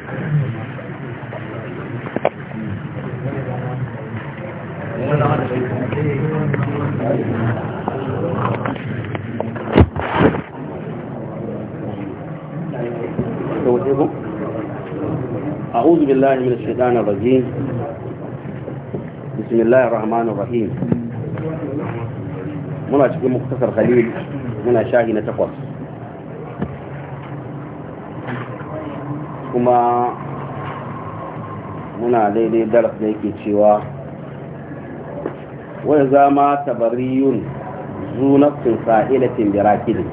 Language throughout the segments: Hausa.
أعوذ بالله من الشيطان الرجيم بسم الله الرحمن الرحيم مناشق مختصر خليل منا شاهي نتقص kuma muna daidai darasa da yake cewa wani zama tabariyun zunafin sa'ilatin birakilin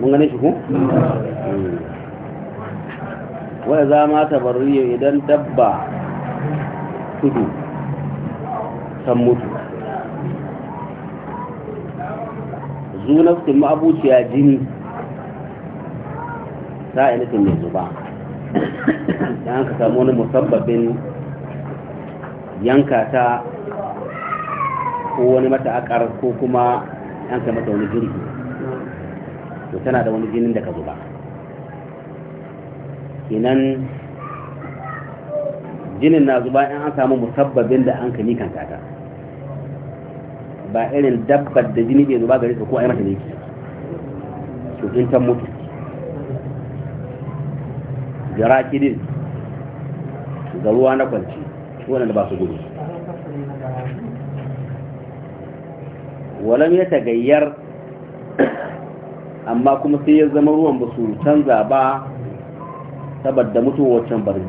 mun gane shi ku? Hmm. wani zama tabariyun idan dabba kudu san mutu zunafin ma'abuciya jini sa'ilatin mai zuba da an ka samu wani musabbabin yanka ta ko wani mata akar ko kuma an kai mata wani jirgi to tana da wani jinin da ka zuba kenan jinin na zuba in an samu musabbabin da an ka kanta ta ba irin dabbar da jini ke zuba gare ka ko a yi mata niki to in ta mutu da raƙidin da ruwa na kwanci waɗanda ba su gudu walam ya tagayyar amma kuma sai ya zama ruwan ba su canza ba saboda mutuwar can bari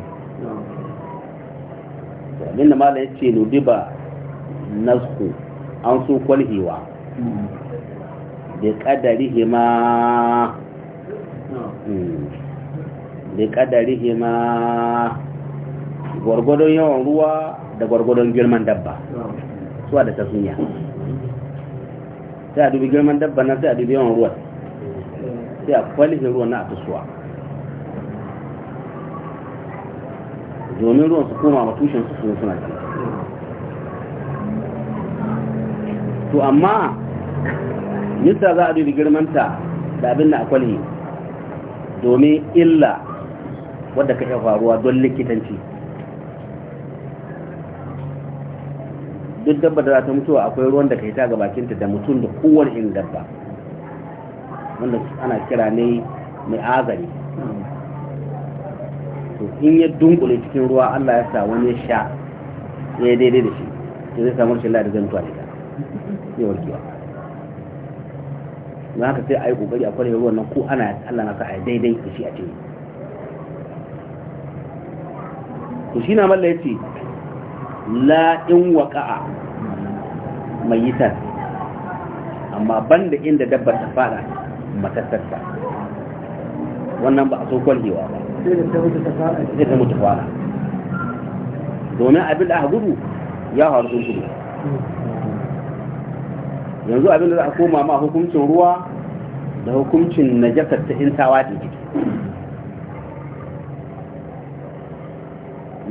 abin da mala ya ce nudiba nasku an so kwalhewa da hmm. ƙadari hima da ƙadarihima gwargwadon yawan ruwa da gwargwadon girman dabba suwa da tasmiya sai a dubi girman dabba na sai a dubi yawan ruwa sai a kwalihin ruwan na a tasuwa domin ruwan su koma tushen su sun suna to amma nisa za a dubi girmanta da abin na a kwalihi domin illa wadda ka iya faruwa don likitanci duk dabba da za ta mutuwa akwai ruwan da ka hita ta bakinta da mutum da kowar in dabba wanda ana kira ne mai azari to in ya dunkule cikin ruwa Allah ya sa wani ya sha ya yi daidai da shi to zai samu rashin ladi zan mutuwa da ya warke warkewa don haka sai a yi kokari a kwarewa ruwan nan ko ana Allah na sa a daidai da shi a cikin to shi na malla ya ce la'in waƙa'a mai yi tar amma ban da inda dabbar ta fada ta wannan ba a so kwalhewa ba sai ta mutu fada domin abin da aka gudu ya hau sun gudu yanzu abin da za a koma ma hukuncin ruwa da hukuncin najasar ta in tawa da jiki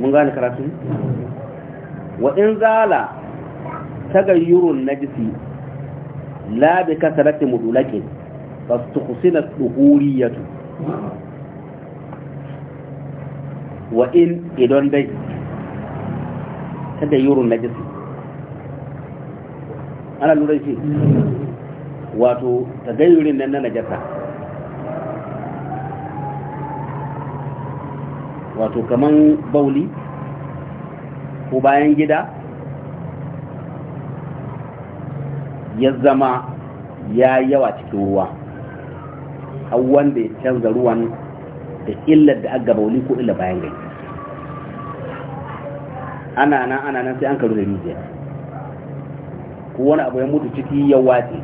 mun gane karatu wa in zala tagayyurun najisi la bi kasarati mudulakin fastukhsina duhuriyatu wa in idan dai tagayyurun najisi ana lura shi wato tagayyurin nan na najasa wato kaman bauli ko bayan gida ya zama ya yawa cikin ruwa har wanda ya canza ruwan da illar da aga bauli ko illar bayan gari ana nan ana nan sai an karu da rijiya ko wani abu ya mutu ciki ya watsi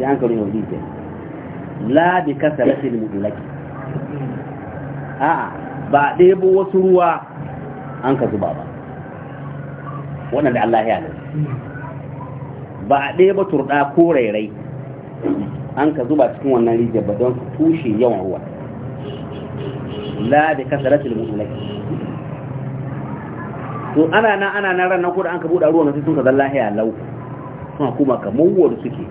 sai an karu da rijiya la bi kasaratil mutlaqi a'a ba ɗebo wasu ruwa an ka zuba ba wannan da Allah ya nan ba a ɗeba turɗa ko rairai an ka zuba cikin wannan rijiyar ba don tushe yawan ruwa la da kasarar mutulaki to ana nan ana nan ranar nan ko da an ka buɗa ruwan sai sun ka zalla haya lau suna kuma kamar wadda suke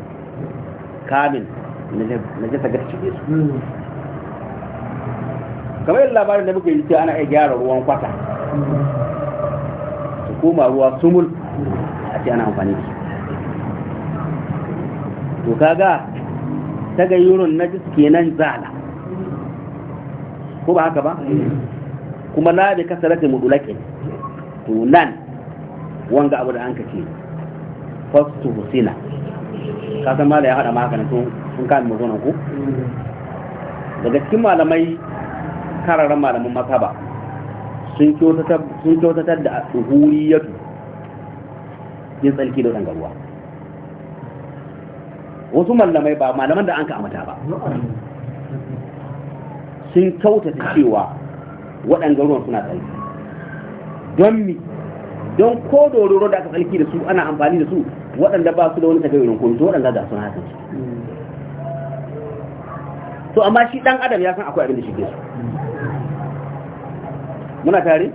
kamin na jasa cikin su kamar yadda labarin da muka yi ce ana iya gyara ruwan kwata su koma ruwa sumul a ce ana amfani da to kaga na jiske nan zala ko ba haka ba kuma la bi kasarati mudulake to nan wanga abu da an kace fastu husina ka san da ya hada maka ne to sun kan mu ku daga cikin malamai Kararren malamin masaba sun kyautatar da huriyatu yin tsarki da waɗanda ruwa wasu malamai ba malaman da an ka amata ba sun kyautata cewa waɗanda ruwan suna tsarki don mi don ko dororo da aka tsarki da su ana amfani da su waɗanda ba su da wani tagayoyin komi to waɗanda da suna hakan su to amma shi ɗan adam ya san akwai abin da shi ke su muna tare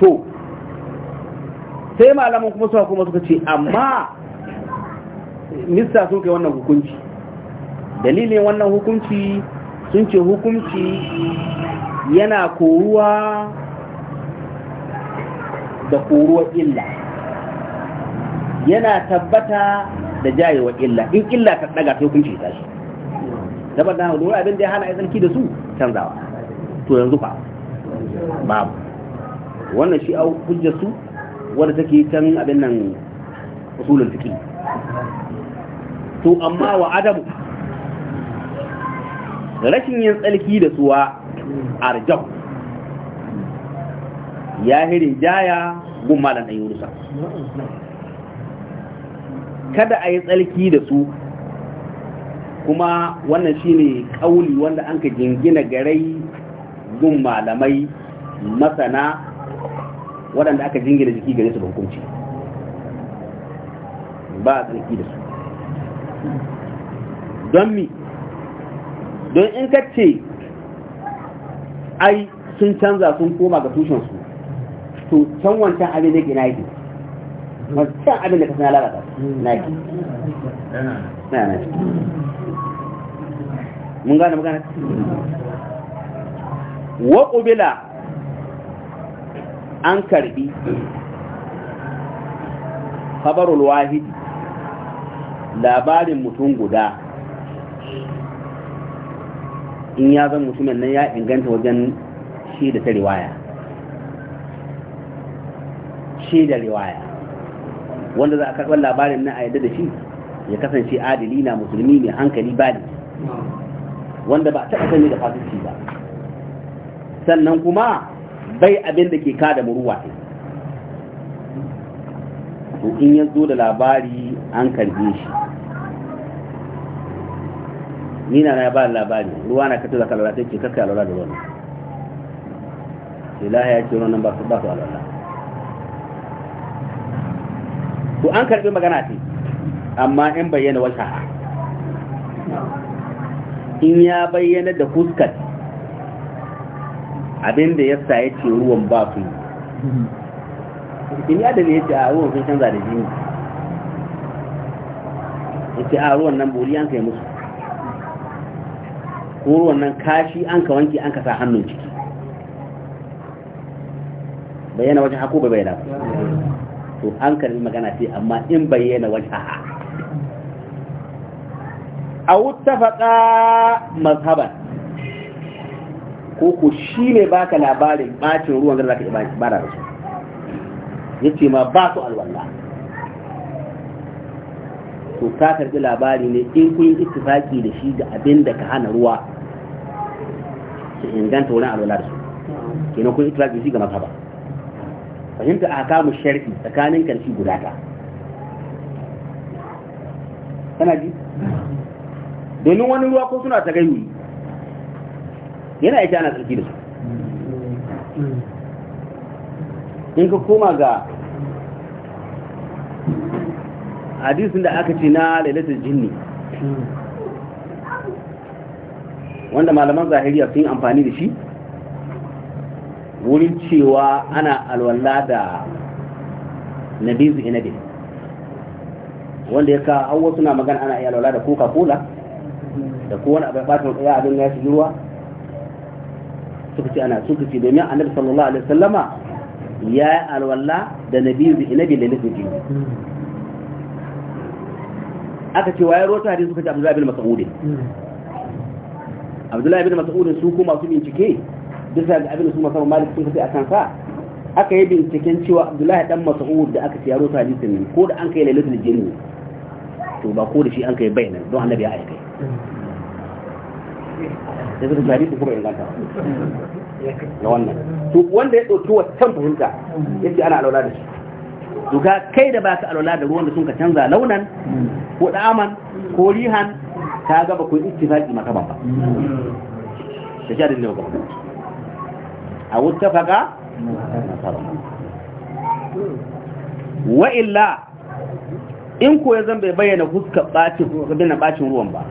to sai malaman kuma suka kuma suka ce amma mista sun kai wannan hukunci dalilin wannan hukunci sun ce hukunci yana koruwa da koruwar illa yana tabbata da jayewa illa in illa ta daga ta hukunci ta shi zaba da hau abin da ya hana ya tsarki da su canzawa to yanzu fa babu wannan shi a hujjarsu su wadda take can abin nan usulun fiki to amma wa adam rashin yin tsalki da suwa a arjau ya hiri jaya gun malan ɗan yunusa kada a yi tsalki da su kuma wannan ne kauli wanda an ka jingina garai gun malamai masana waɗanda aka jingina jiki gare su da hukunci ba a tsarki da su don mi don in ka ce ai sun canza sun koma ga tushensu to can wancan abin da ke na yake wancan abin da ka sana lalata na yake na mun gane magana wa ƙubila an karbi khabarul wahidi labarin mutum guda in ya zan mutumin nan ya inganta wajen shi da ta riwaya shi da riwaya wanda za a karɓar labarin nan a yadda da shi ya kasance adali na musulmi mai hankali ba wanda ba a taɓa sani da fasici ba sannan kuma bai abin da ke kada muruwa ne to in ya zo da labari an karbe shi ni na na ba labari ruwa na kata zaka lalata ce kakka lalata da ruwan ilaha ya ce wannan ba su ba su alwala to an karbe magana ce amma in bayyana wata in ya bayyana da fuskar abinda ya sa ya ce ruwan ba su in ya ne ya ce a ruwan sun canza da jini ya ce a ruwan nan buri an kai musu ko ruwan nan kashi an ka wanke an ka sa hannun ciki bayyana wajen haku bai bayyana to an karbi magana ce amma in bayyana wajen ha a wuttafaƙa mazhaban ko ko shi ne baka labarin bacin ruwan da zaka ibada da su yace ma ba su alwala to ka karbi labari ne in kun yi ittifaki da shi ga abin da ka hana ruwa su inganta wurin alwala da su kenan kun ittifaki da shi ga mazhaba fahimta a kamu sharfi tsakanin karfi guda ta kana ji domin wani ruwa ko suna ta gayyuri yana ita ana tsarki da su in ka koma ga hadisin da aka ce na lalata jinni wanda malaman zahiriya sun amfani da shi wurin cewa ana alwala da nabizu inabin wanda ya ka hawa suna magana ana iya alwala da coca-cola da kowane abin fatan ya abin ya shi ruwa suka ce ana suka ce domin annabi sallallahu alaihi wasallama ya yi alwala da nabi inabi da nufi aka ce waye rota hadisi suka ce abdullahi bin mas'ud abdullahi bin mas'ud su kuma su bincike bisa da abin su musamman malik sun a akan sa aka yi binciken cewa abdullahi dan mas'ud da aka ce ya rota hadisin nan ko da an kai lailatul jinni to ba ko da shi an kai bayanan don annabi ya aika sai zai jari kuma inganta wannan to wanda ya ɗauki wancan fahimta yace ana da shi to ga kai da baka alwala da ruwan da sun ka canza launan ko da'aman ko rihan ka ga ba ku ittifaqi maka ba da jarin ne ba a wuttafaka wa illa in ko ya zan bai bayyana fuskar bacin ruwan ba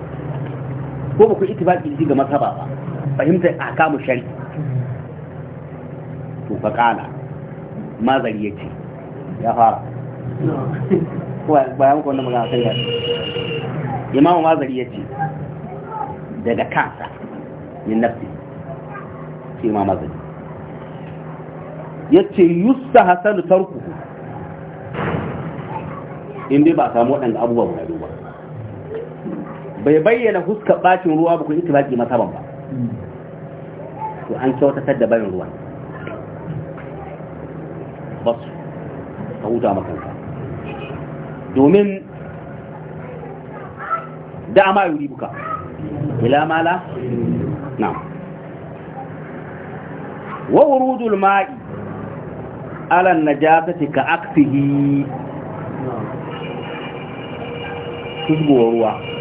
ko ba ku ittifaqi ji ga masaba ba fahimta kamun shari to fa kana mazari ya ce ya fara ko bayan ko wanda magana sai ce imamu mazari ya ce daga kansa min nafi ce ma mazari ya ce yusta hasanu tarku in ba samu waɗanda abubuwa guda ba bai bayyana huskar bakin ruwa ba ku yi tibaki masaban ba to an kyautatar da barin ruwa ba su ka huta makanka domin da ma yuri buka ila mala na wa wurudul ma'i ala najasati ka aksihi tuzgowar ruwa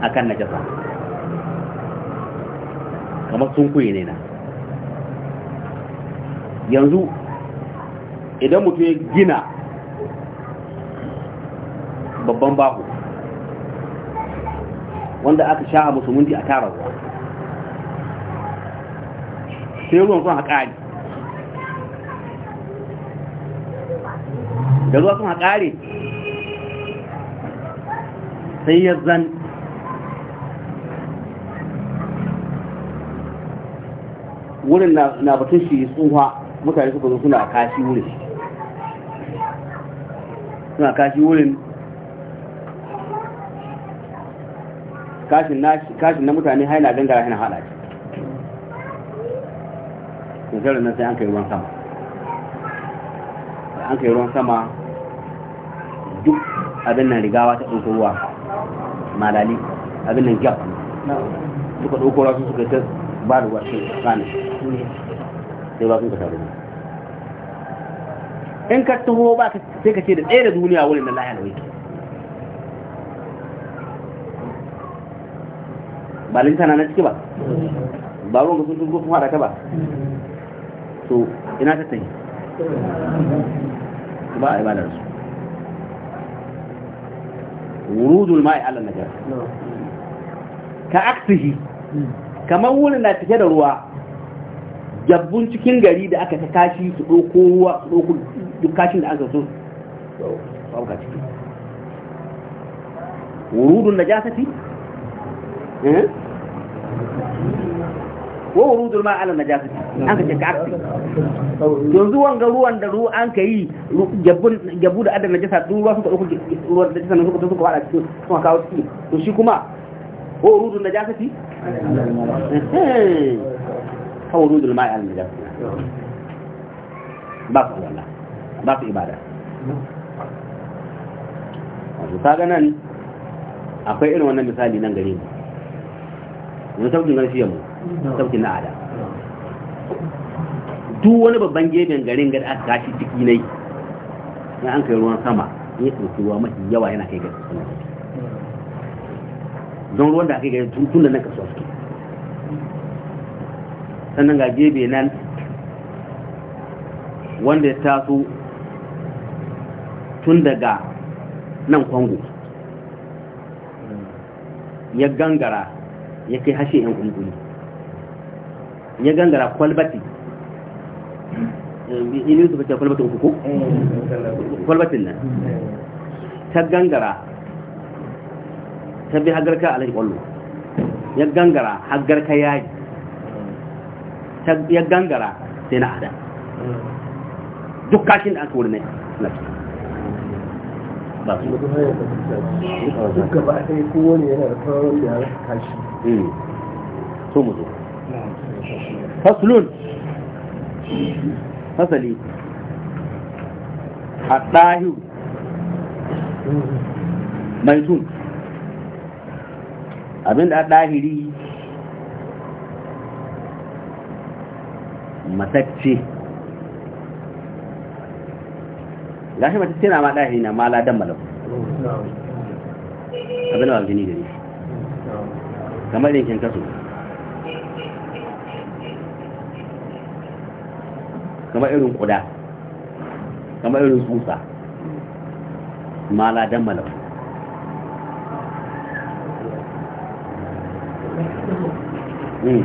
akan najasa kamar sun kuye ne na yanzu idan mutum ya gina babban bahu wanda aka sha'a musulunci a tara ruwa sai ruwan sun haƙari da ruwa sun haƙari sai ya zan wurin na batun shi tsuha mutane suka zo suna kashi wurin suna kashi wurin kashin na mutane haina gangara haina hada shi nasarar nan sai an kai ruwan sama an kai ruwan sama duk abin nan rigawa ta ɗauko ruwa malali abin nan gyaf suka ɗauko ruwa su suka ta ba da wasu su ranar sai ba sun ka taru in ka taho ba sai ka ce da ɗaya da duniya wurin da lahiyar wake ba lintana na ciki ba ba ruwan sun turgo sun haɗa ta ba to ina ta tafi ba a ibadar su wurudul ma'i Allah na ka aksihi kamar wurin na cike da ruwa jabbun cikin gari da aka ta kashi su ɗauko ruwa su ɗauko duk kashin da aka so ɗauka ciki wurudun na jasati eh? ko wurudun ma ala na jasati an ka ce karfi yanzu wanga ruwan da ruwa an ka yi jabbu da na jasa duk ruwa suka ɗauko ruwan da jasa na suka suka wada cikin suka kawo ciki to shi kuma ko wurudun na jasati eh, eh. كورود الماء على النجاسة باقي ولا باقي إبادة kaga nan akwai irin wannan misali nan gare mu mun saukin garshe mu na ada duk wani babban gefen garin gari aka gashi ciki ne ya an kai ruwan sama ya ruwa yawa yana kai gari don ruwan da aka yi gari tun da na kasuwa suke sannan ga gebe nan wanda ya taso tun daga nan kwango ya gangara ya kai hashe yan kunguni ya gangara kwalbati eh, inu su fashe kwalbatin uku eh. kwalbatin nan eh. ta gangara ta bi hagarka alai kwallo ya gangara hagarka yaji ya gangara sai na hada duk kashin da aka wurin ne ba su duk gaba ɗaya kowane yana da kawon da ya kashi hmm. so mu zo fasulun fasali a ɗahiru hmm. mai sun abinda a ɗahiri matacce gashi matacce na ma ɗahi na ma dan malau abin da gini gari kamar yankin kaso kamar irin kuda kamar irin tsusa ma dan malau Mm.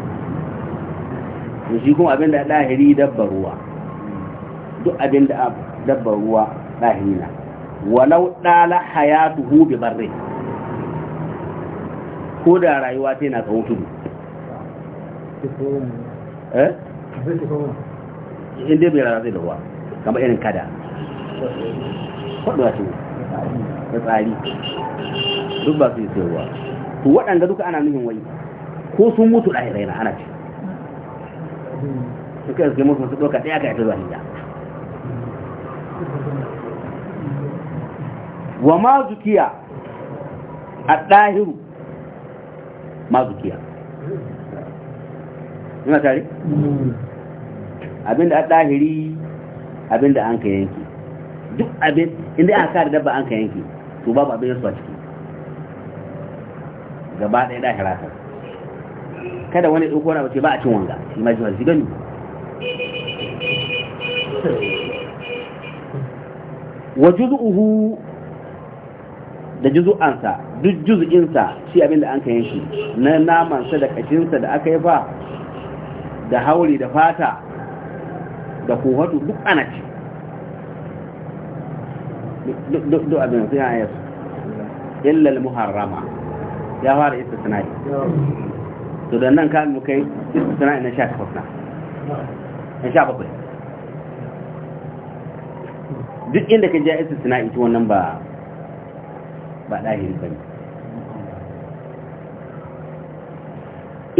to shi kuma abinda da ɗahiri dabbar ruwa duk abinda da dabbar ruwa ɗahiri na walau ɗala hayatu hu bi barre ko da rayuwa ta yana tsawo tudu eh inda bai rana zai da ruwa kama irin kada kwaɗuwa ce da tsari duk ba su yi ruwa to waɗanda duka ana nuhin wai ko sun mutu ɗahirai na ana ce suka yi musu su ɗauka ɗaya ka yi zuwa hijja wa ma zukiya a ɗahiru ma zukiya yana tare? abinda a ɗahiri abinda an ka yanki duk abin inda aka kada dabba an ka yanki to babu abin yasuwa ciki gaba ɗaya ɗahira ta kada wani ɗauko wani abu ce ba a cin wanga shi ma shi gani wa juz'uhu da juz'ansa duk juz'insa shi abinda an ka yanki na namansa da kashinsa da aka yi fa da hauri da fata da kohatu duk ana ci duk abin sai ya yasu illal muharrama ya fara isa istisnai to da nan kan muka yi istisna ina sha takwas na in sha bakwai duk inda ka ja istisna ita wannan ba ba ɗahiri ba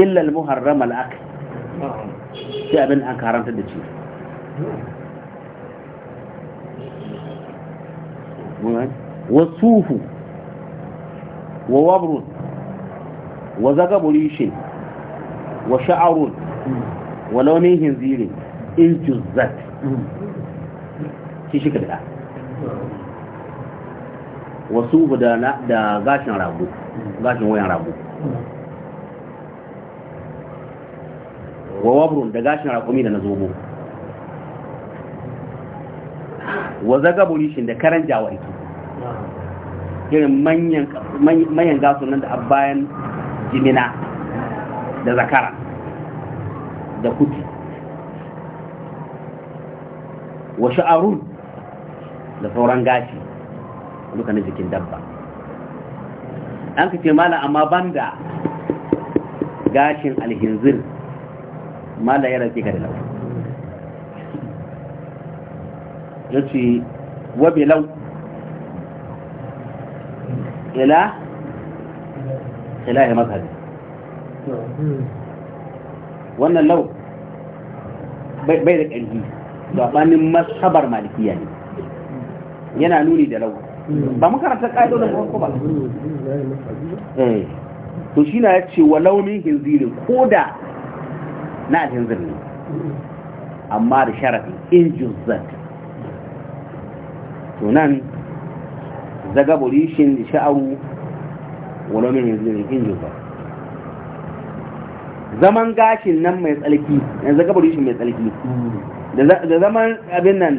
ne al muharram al'aq shi abin an karanta da ci wasuhu wa wabrun wa zagaburishin wa sha'arun wa launin hinziri in juzzat shi shi kabila wasu da gashin rabu gashin wayan rago wa wabrun da gashin rakumi da na zobo wa zagaburishin da karan jawarki irin manyan gasunan da a bayan jimina da zakara da kuti wa sha'arun da sauran gashi duka na jikin dabba an ka ce mala amma banda gashin alhinzir mala ya rafi ka da lau ya ce wabe lau ila ila ya mazhabi wannan lau bai da ƙarfi gabanin masabar malikiya ne yana nuni da lau ba makaranta da farko ba eh. to shi na ya ce wa launin hinzirin ko da na hinzirin ne amma da sharafin injin zan to nan zagaburishin sha'aru wa launin hinzirin injin zan zaman gashin nan mai tsalki yanzu gabari shi mai tsalki da zaman abin nan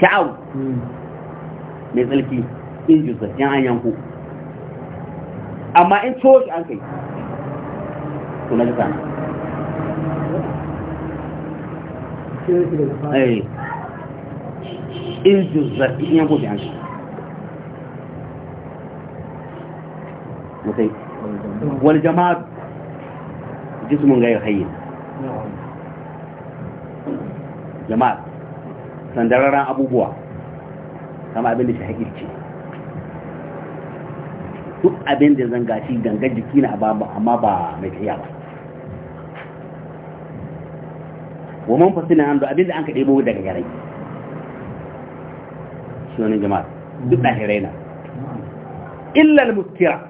sha'aw mai tsalki in jisa yan an yanku amma in coci an kai to na jisa eh, in jisa in yanku shi an kai wani jama'a jismun gairu hayyin jama'a sandararren abubuwa kama abin da duk abin da zanga shi gangar jiki na amma ba mai tafiya ba wa man fasilin hannu abin da an ka ɗebo daga yarai shi wani jama'a duk ɗahirai na illal muskira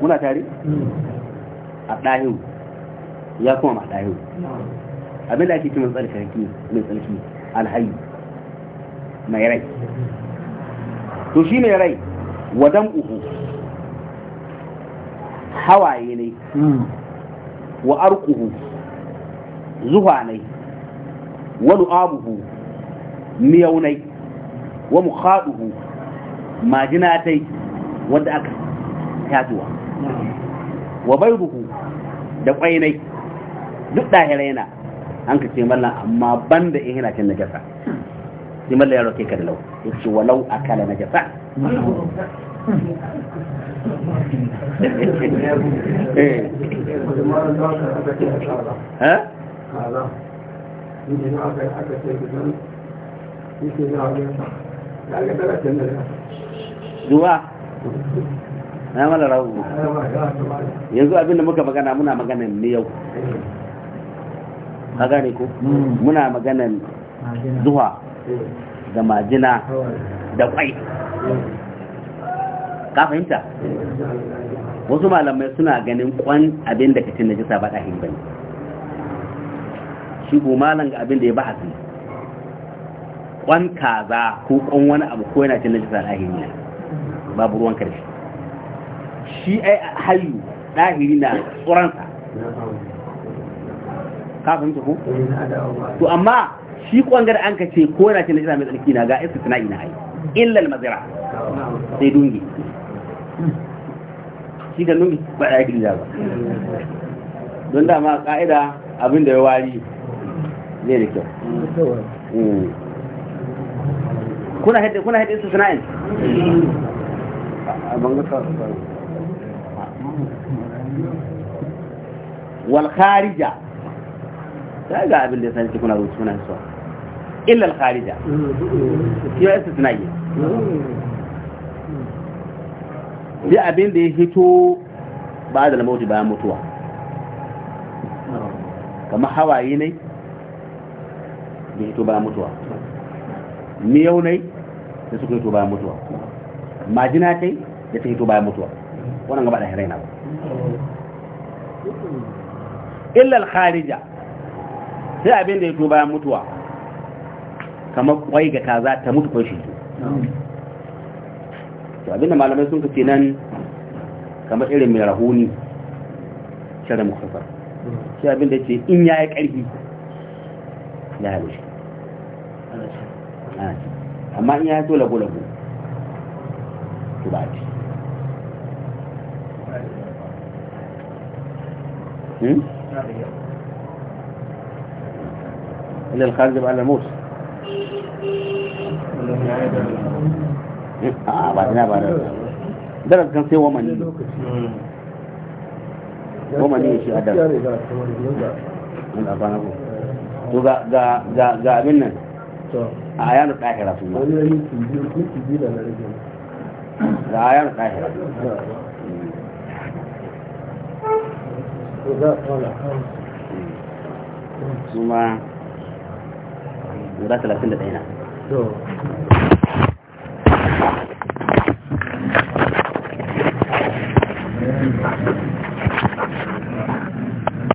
muna tare hmm. a ɗahiru ya kuma ma ɗahiru hmm. abin da ake ce mai tsarki mai tsarki alhayi mai rai to shi mai rai wadan uku hawaye ne hmm. wa arkuhu zuwa ne wa lu'abuhu miyau ne wa mukhaduhu majinatai wadda aka tatuwa wa bayruhu da kwainai duk dahira na an ka ce mallan amma banda in yana cin najasa sai mallan yaro kai ka da lau ya ce walau kala najasa eh zuwa na mala rahu yanzu abinda muka magana muna maganan ne yau ka gane ko hmm. muna maganan zuwa da majina da kwai ka fahimta wasu malamai suna ganin kwan abin da kacin na jisa ba ɗahin bane shi malam ga abin da ya ba hasi kwan kaza ko kwan wani abu ko yana cin na jisa ɗahin ne babu ruwan karshe shi ai hayu ɗahiri na tsoronsa kafin ko? to amma shi kwangar an ka ce ko yana ce na jira mai tsarki na ga isa tana ina hayu illal mazira sai dungi shi da nungi ba da gida ba don dama ka'ida abin da ya wari zai da kyau hmm. kuna haɗe kuna haɗe su sana'in a bangar su wal kharija sai ga abin da sanci kuna rubutu sunan su illa al kharija shi ya istisnai bi abin da ya hito ba da mauti bayan mutuwa kamar hawaye ne da hito bayan mutuwa miyau ne da suka hito bayan mutuwa majina kai da ta hito bayan mutuwa wannan gaba da haraina ba illa al-kharija sai abin da ya to bayan mutuwa kamar kwai ga kaza ta mutu ko shi to abin da malamai sun kace nan kamar irin mai rahuni shirin mukhtasar sai abin da ce in yayi karfi ya halu shi amma in ya to lagu lagu to ba ci إلى الخارج بقى الموت آه بعدنا بعد درب كان سوى مني ومني شيء أدب من أبانا to ga abin nan a ayanu ƙahira su ma ga ayanu ƙahira kuma guda 31 na